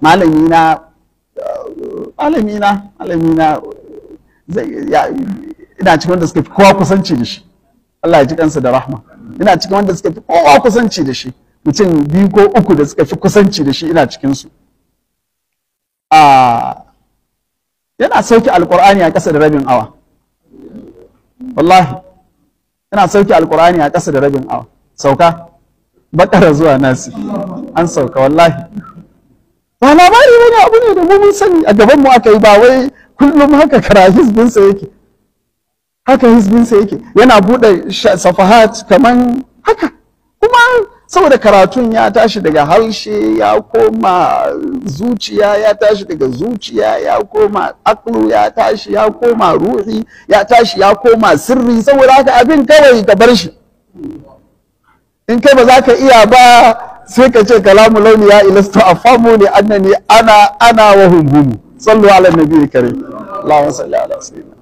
malami na malami na malami na ina cikin wanda suka fi kowa kusanci da shi Allah ya ji kansa da rahma ina cikin wanda suka fi kowa kusanci da shi mutum biyu ko uku da suka fi kusanci da shi ina cikin su yana sauki alqur'ani a ƙasa da rabin awa wallahi yana sauki alqur'ani a ƙasa da rabin awa sauka bakara zuwa nasi an sauka wallahi ba labari wani abu ne da mu mun sani a gaban mu aka yi ba wai kullum haka kara hizbinsa yake haka hizbinsa yake yana buɗe safahat kaman haka kuma saboda karatun ya tashi daga harshe ya koma zuciya ya tashi daga zuciya ya koma aklu ya tashi ya koma ruhi ya tashi ya koma sirri saboda haka abin kawai ka bar shi in kai ba za ka iya ba sai ka ce kalamu launi ya ilasta famu ne annani ana ana wa hungumu sallu ala nabiyyi karim Allahumma salli ala sayyidina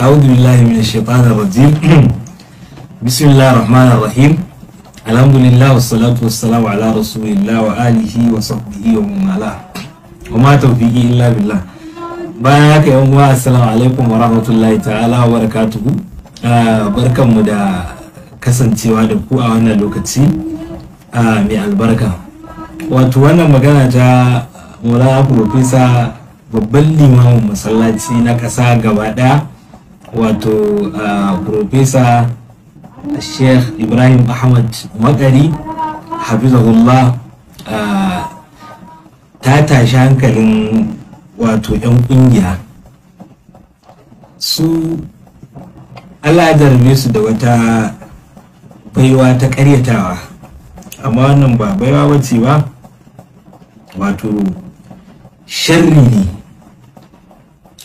أعوذ بالله من الشيطان الرجيم بسم الله الرحمن الرحيم الحمد لله والصلاة والسلام على wa الله وآله وصحبه ومن والاه وما توفيقي illa بالله bayan haka yan uwa assalamu alaikum wa rahmatullahi ta'ala wa barakatuhu Ah, barkanmu da kasancewa da ku a wannan lokaci ah, mai albarka wato wannan magana ta mola profesa babban limamin masallaci na kasa gaba wato ah, profesa sheikh ibrahim ahmad makari hafizahullah ta tashi hankalin wato 'yan kungiya su Allah ya jarbe su da wata baiwa ta karyatawa amma wannan ba baiwa wace ba wato sharri ne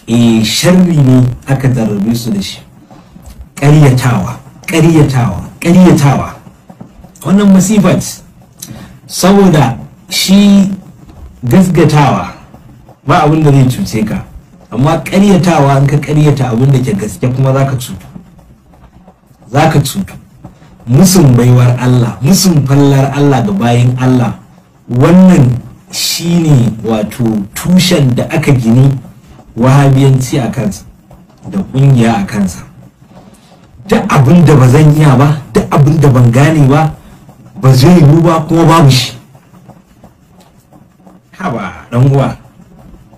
e sharri ne aka jarrabe su da shi ƙaryatawa ƙaryatawa ƙaryatawa wannan masifat saboda shi gasgatawa ba abin da zai cuce ka amma ƙaryatawa an ka ƙaryata abin da ke gaske kuma za ka cutu za ka cutu musun baiwar Allah musun fallar Allah ga bayan Allah wannan shine wato tushen da aka gini wahabiyanci a kansa da ƙungiya a kansa duk abin da ba zan iya ba duk abin da ban gane ba ba zai yiwu ba kuma babu shi haba dan uwa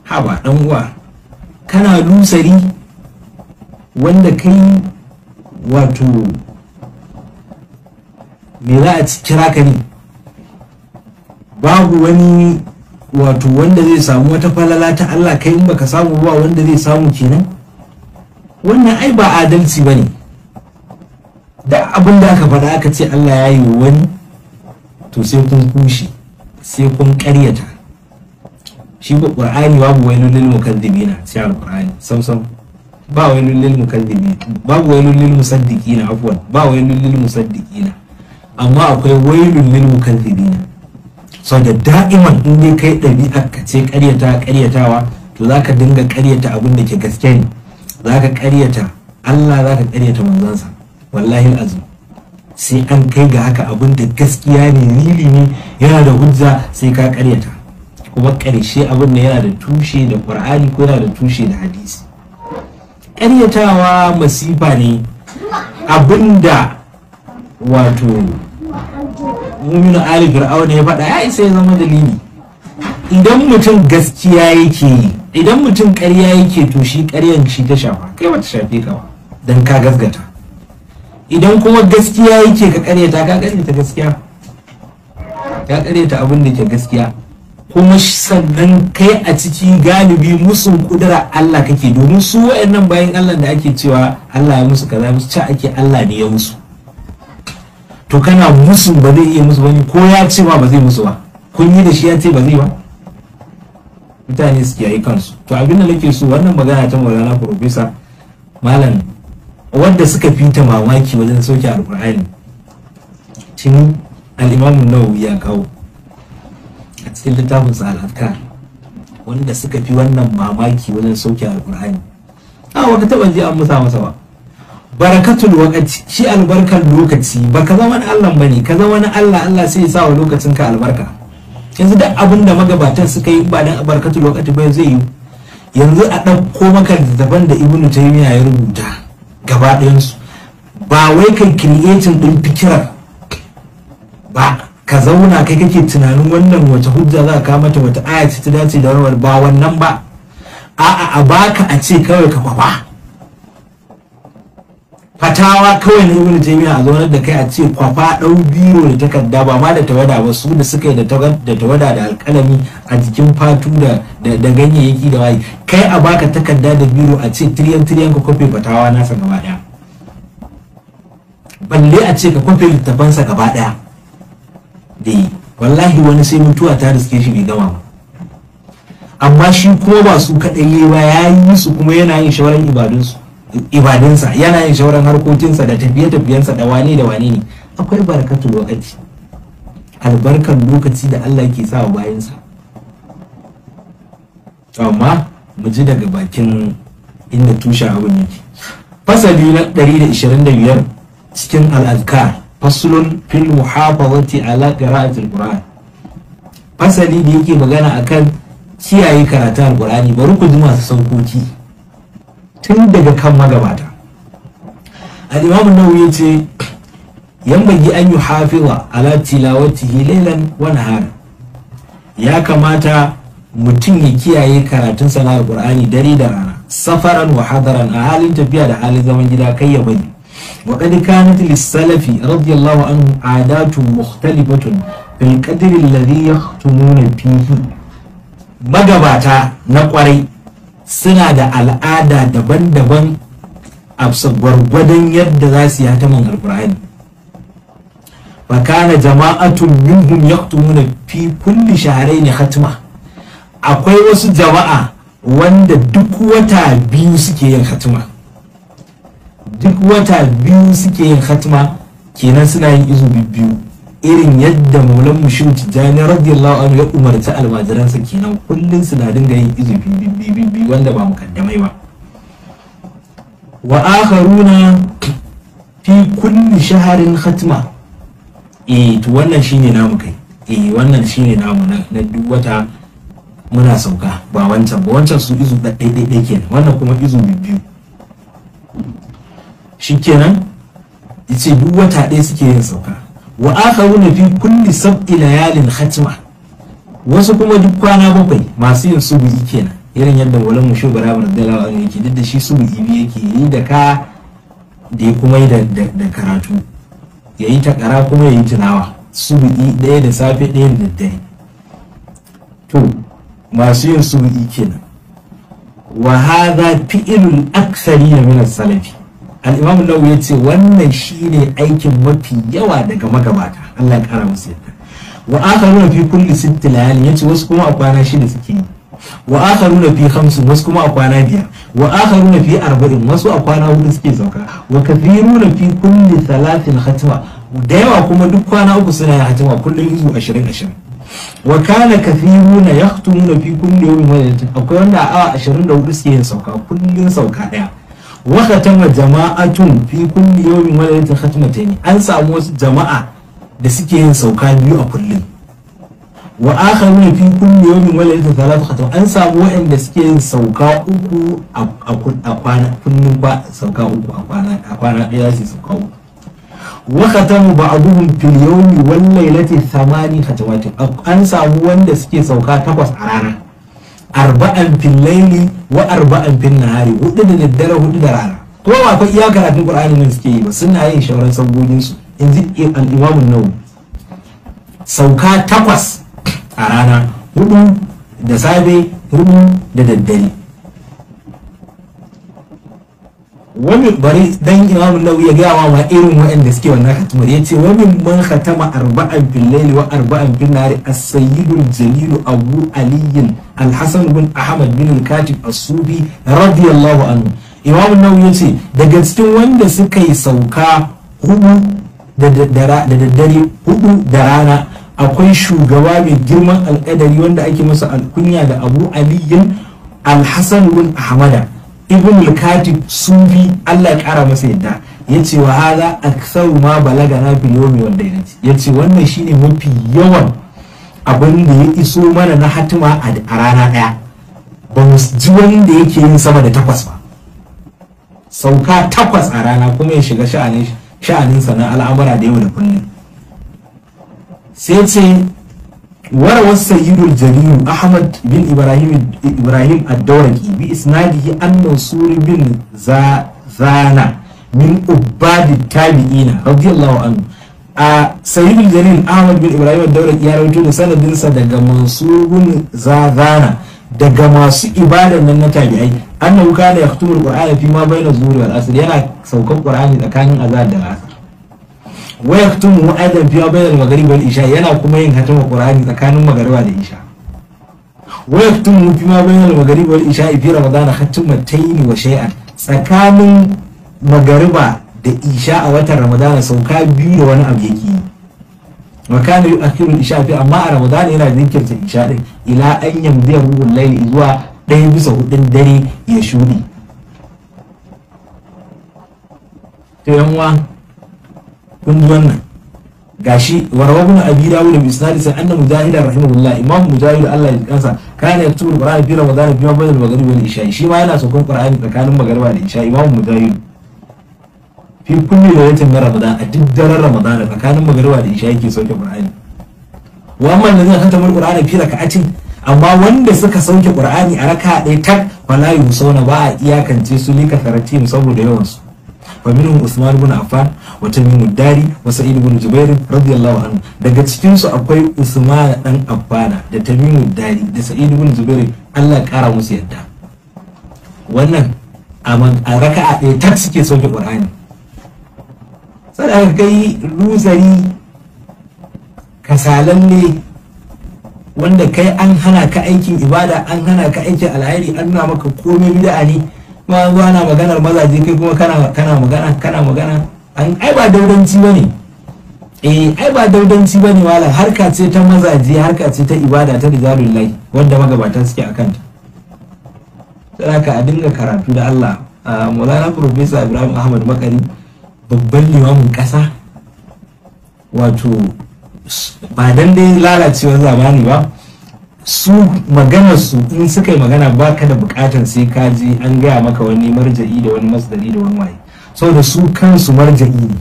haba ɗan uwa kana lusari wanda kai wato me za a kira ka ne babu wani wato wanda zai samu wata falala ta Allah kai in baka samu ba wanda zai samu kenan wannan ai ba adalci ba ne da abin da aka faɗa aka ce Allah ya yi wani to sai kun kushe sai kun ƙaryata shi ba ƙur'ani babu wani lullu mukaddibina sai al-ƙur'ani sam sam ba wani lil mukaddibi babu wani lil musaddiqina afwan ba wani lil musaddiqina amma akwai wailun lil mukazzibina so da da'iman in dai kai ɗabi'ar ka ce ƙaryata ƙaryatawa to zaka dinga ƙaryata abin da ke gaske ne zaka ƙaryata Allah zaka ƙaryata manzansa wallahi azim sai an kai ga haka abin da gaskiya ne lili ne yana da hujja sai ka ƙaryata kuma ƙarshe abin da yana da tushe da Ƙur'ani ko yana da tushe da hadisi ƙaryatawa masifa ne abinda wato mummuna ali fir'auna ya faɗa ya isa ya zama dalili idan mutum gaskiya yake yi idan mutum ƙarya yake to shi ƙaryan shi ta shafa kai bata shafe ka ba don ka gasgata idan kuma gaskiya yake ka ƙaryata ka ƙaryata gaskiya ka ƙaryata abin da ke gaskiya kuma sannan kai a ciki galibi musu kudura Allah kake domin su nan bayan Allah da ake cewa Allah ya musu kaza musu ci ake Allah ne ya musu to kana musu ba zai iya musu bane ko ya ce ba zai musu ba kun yi da shi ya ce ba zai ba mutane su yi kansu to abin da nake so wannan magana ta Maulana Professor Malam wanda suka fi ta mamaki wajen sauke alkur'ani tun al-Imam Nawawi ya kawo cikin littafin sa al wanda suka fi wannan mamaki wajen sauke al-qur'ani a wata taba ji an musa masa ba barakatul waqti shi albarkar lokaci ba ka zama Allah bane ka zama Allah Allah sai ya sa wa lokacin ka albarka yanzu duk abin da magabatan suka yi ba dan barakatul waqti bai zai yi yanzu a ɗauko maka daban da ibnu taymiya ya rubuta gaba ɗayansu ba wai kai creating din fikirar ba ka zauna kai kake tunanin wannan wace hujja za ka mata wata aya ce ta dace da rawar ba wannan ba a'a a baka a ce kawai ka kwafa fatawa kawai na ibn taymiya a zaunar da kai a ce kwafa ɗau biyo da takarda ba ma da tawada ba su da suka yi da tawada da alƙalami a jikin fatu da da ganyayyaki da waye kai a baka takarda da biro a ce tiriyan tiriyan ka kwafe fatawa nasa gaba ɗaya balle a ce ka kwafe littafansa gaba daya eh wallahi wani sai mutuwa ta riske shi bai gama ba amma shi kuma ba su kaɗai ba ya yi su kuma yana yin shawarar ibadinsa, yana yin shawarar harkokinsa da tafiye-tafiyensa da wane da wane ne akwai barkatun lokaci albarkar lokaci da Allah ke sa bayansa amma mu ji daga bakin inda tushen abin yake fasali na 125 cikin al'adkar faslun fil muhafazati ala qira'atil qur'an fasali da yake magana akan kiyaye karatun alqur'ani bari ku ji masu saukoki tun daga kan magabata al-imam nawawi yace yambagi an yuhafiza ala tilawatihi laylan wa nahara ya kamata mutum ya kiyaye karatun sana'ar qur'ani dare da rana safaran wa a halin tafiya da halin zaman gida kai ya bani. وقد كانت للسلف رضي الله عنه عادات مختلفة في القدر الذي يختمون فيه magabata na kwarai suna da al'ada daban-daban a gwargwadon yadda za su yi hataman alkur'ani fakana jama'atun minhum yaktumuna fi kulli shahrayn hatma akwai wasu jama'a wanda duk wata biyu suke yin hatma duk wata biyu suke yin hatima kenan suna yin izu biyu irin yadda maulan mushin tijjani radiyallahu anhu ya umarci almajiransa kenan kullum suna dinga yin izu biyu wanda ba mukaddamai ba wa akharuna fi kulli shaharin hatima eh to wannan shine namu kai eh wannan shine namu na duk wata muna sauka ba wancan ba wancan su izu ɗaiɗaiɗai kenan wannan kuma izu biyu shikenan yace duk wata ɗaya suke yin sauka wa akharuna fi kulli sab'i layalin khatma wasu kuma duk kwana bakwai masu yin subuhi kenan irin yadda walan musho barabar dalawa ne yake duk da shi subuhi bi yake yi da ka da ya kuma yi da karatu ya yi kara kuma ya yi tunawa subuhi ɗaya da safe ɗaya da daddare to masu yin subuhi kenan wa hadha fi'lul aktsari min as-salafi al'imam nawawi ya ce wannan shine aikin mafi yawa daga magabata Allah ya kara musu yadda wa akharuna fi kulli sitti layali ce wasu kuma a kwana shida suke yi wa akharuna fi khamsin wasu kuma a kwana biyar wa akharuna fi arba'in wasu a kwana hudu suke sauka wa kathiruna fi kulli thalathin hatima. da yawa kuma duk kwana uku suna yin hatima kullum izu ashirin ashirin wa kana kathiruna yahtumuna fi kulli yawmin wa akwai wanda a awa 24 suke yin sauka kullum sauka daya wa jama'atun fi kulli yawmin wa lailatin khatmatayn an samu wasu jama'a da suke yin sauka biyu a kullum wa akharuna fi kulli yawmin wa lailatin thalathu khatam an samu waɗanda suke yin sauka uku a kwana kullum ba sauka uku a kwana a kwana ɗaya su sauka uku wa khatamu ba'dhum fil yawmi wal lailati thamani khatawatin an samu wanda suke sauka takwas a rana arba'an fil laili wa arba'an fil nahari hudu da daddare hudu da rana kuma ba fa iya karatun qur'ani nan suke yi ba suna yin shauran sabogin su yanzu al-imam an sauka takwas a rana hudu da safe hudu da daddare wani bari dan imam nawi ya gaya wa irin waɗanda suke wannan khatmar yace ce wani man khatama arba'an fil layli wa arba'an fil nahari as-sayyidul abu aliyin al-hasan bin ahmad bin al-katib as-sufi radiyallahu anhu imam ya ce daga cikin wanda suka yi sauka hudu da daddare hudu da rana akwai shugaba mai girman alkadari wanda ake masa alkunya da abu aliyin al-hasan bin ahmada ibn al-katib sufi Allah ya kara masa yadda yace ce wa hada aksaru ma balaga na biliyomi wanda ya ya ce wannan shine mafi yawan abin da ya iso mana na hatima a rana daya ba mu ji da yake yin sama da takwas ba sauka takwas a rana kuma ya shiga sha'anin na al'amura da yau da kullum sai ce وروى السيد الجليل أحمد بن ibrahim إبراهيم الدورقي بإسناده أن منصور بن زانا من عباد التابعين رضي الله a sayyidul jalil ahmad bin ibrahim daura ya rawaito da sanadinsa daga mansurun zana daga masu ibadan nan na tabi'ai annahu kana yaktumul qur'ana fi ma baina zuhri wal asr yana saukan qur'ani tsakanin azhar da asr waya tun mu aidan fiya bayan magari wal isha yana kuma yin hatama qur'ani tsakanin magariba da isha waya tun mu fiya bayan magari wal isha fi ramadan hatuma tayni wa shay'an tsakanin magariba da isha a watan ramadana sauka biyu da wani abu yake wa kana yu'akhiru isha fi amma a ramadana yana jinkirta isha din ila an yamdiya ruhul layli zuwa ɗaya bisa hudun dare ya shudi to yanwa kun ji wannan gashi warwabun abi dawud bi misali sai anna mujahid rahimahullah imam mujahid Allah ya kansa kana yaktubu qur'ani fi ramadan fi ma al-maghrib wal isha shi ma yana sokon qur'ani tsakanin magriba da isha imam mujahid fi kulli layatin min ramadan a duk daren ramadan tsakanin magriba da isha yake sauke qur'ani wa amma allazina khatamu qur'ani fi rak'atin amma wanda suka sauke qur'ani a raka'a ɗaya tak fala yusawna ba a iyakance su ka tarati saboda yawan su wa Usman ibn Affan wa Tamim dari Jubair radiyallahu daga cikin su akwai Usman dan Affana da Tamim dari da Sa'id bin Jubair Allah kara musu yadda wannan a raka'a ɗaya tak suke sauke Qur'ani sai aka kai luzari kasalalle wanda kai an hana ka aikin ibada an hana ka aikin alheri an nuna maka komai bid'a ne ma zo ana maganar mazaje kai kuma kana kana magana kana magana ai ba daudanci ne eh ai ba daudanci ba ne wala harka ce ta mazaje harka ce ta ibada ta rijalullahi wanda magabatan suke akan ta ka a dinga karatu da Allah Maulana Professor Ibrahim Ahmad Makari babban limamin kasa wato ba dan dai lalacewar zamani ba su magana su in suka yi magana baka da bukatan sai ka ji an gaya maka wani marja'i da wani masdari da wani waye saboda su kansu marja'i ne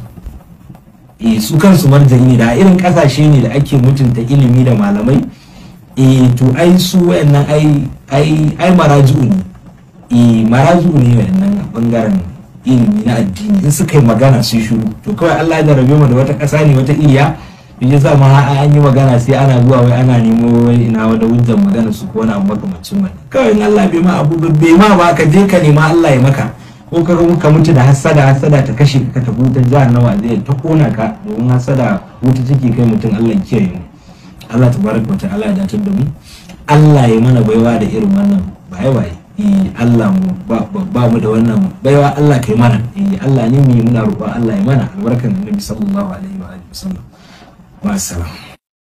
eh su kansu marja'i ne da irin kasashe ne da ake mutunta ilimi da malamai eh to ai su wayannan ai ai ai maraji'u ne eh maraji'u ne wayannan a bangaren ilimi na addini in suka yi magana su shiru to kawai Allah ya jarabe mu da wata ƙasa ne wata iriya in ya sa ma an yi magana sai ana zuwa wai ana nemo wai ina wada hujjar magana su ko wani abu makamancin wani kawai in Allah bai ma abu bai ma ba ka je ka nema Allah ya maka ko ka ka mutu da hasada hasada ta kashe ka ta buta nawa zai ta kona ka domin hasada wuta ciki kai mutum Allah ya kiyaye mu Allah tabaraka wa allah ya datar da mu Allah ya mana baiwa da irin wannan baye baye eh, Allah mu ba mu da wannan baiwa Allah kai mana eh, Allah ne mu muna roƙon Allah ya mana albarkan Annabi sallallahu alaihi wa sallam Wassalam.